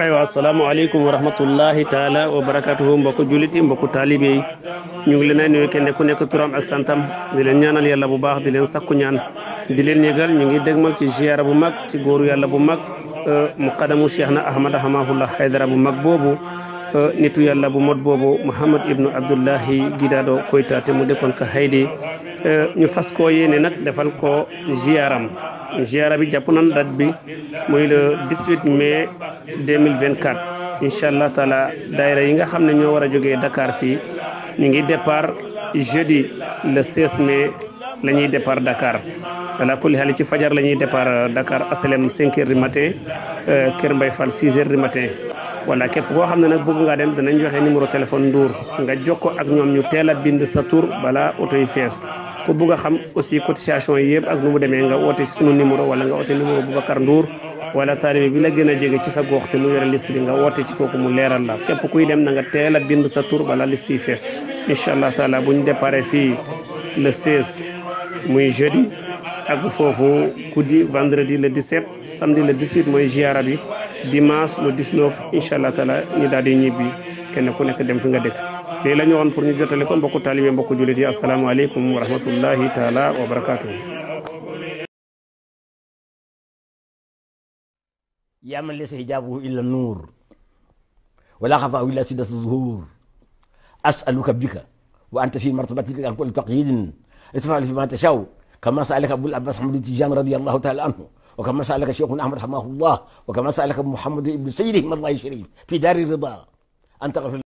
aywa asalaamaaleykum wa rahmatullahi taala wa barakatuhu mbokku jullit yi mbokku taalibe yi ñu ngi leen ay nuyu kenn ku nekk turam ak santam di leen ñaanal yàlla bu baax di leen sakku ñaan di leen yëgal ñu ngi dégmal ci ziyaara bu mag ci góoru yàlla bu mag euh, muqaddamu cheikh na ahmad hamahullah haydara bu mag boobu euh, nitu yàlla bu mot boobu muhammad ibnu abdullahi gidaado koytaate mu dekkoon ka haydi Euh, ñu fas koo yéene nag defal ko ziaram ziara bi jàpp nañ date bi muy le 18 mai 2024 incha allah taala daayira yi nga xam ne ñoo war a jogee dakaar fii ñu ngi départ jeudi le 16 mai la ñuy départ Dakar ala kulli xaal ci fajar la ñuy départ Dakar asalem 5 heures du matin euh, Kër Mbay Fall 6 heures du matin. voilà képp koo xam ne nag bëgg ngaa dem danañ joxe numéro téléphone nduur nga jokkoo ak ñoom ñu teel a bind sa tur balaa oto yi fees. ku bugg xam aussi cotisation yi yëpp ak nu mu demee nga woote sunu numéro wala nga woote numéro Boubacar Ndour wala taalibe bi la gën a jege ci sa gox te mu yore liste bi nga woote ci kooku mu leeral la képp kuy dem na nga teel a bind sa tur bala liste yi fees incha allah taala bu ñu déparé fii le 16 muy jeudi ak foofu guddi vendredi le 17 samedi le 18 mooy ziara bi dimanche le 19 incha allah taala ñu daal di ñibbi kenn ku nekk dem fi nga dëkk. lii la ñu woon pour ñu jotale ko mbokku taalibe mbokku jullit yi asalaamaaleykum wa rahmatullahi taala wa barakaatu. yaa man laysa hijaabuhu illa nuur wala xafaahu illa siddatu zuhur asaluka bika wa anta fi martabatika an kulli taqyidin itfa'al fi ma tashaw kama sa'alaka abul abbas ahmad tijan radiyallahu taala anhu وكما سألك شيخنا أحمد رحمه الله وكما سألك محمد بن سيره من الله شريف في دار الرضا أن تغفر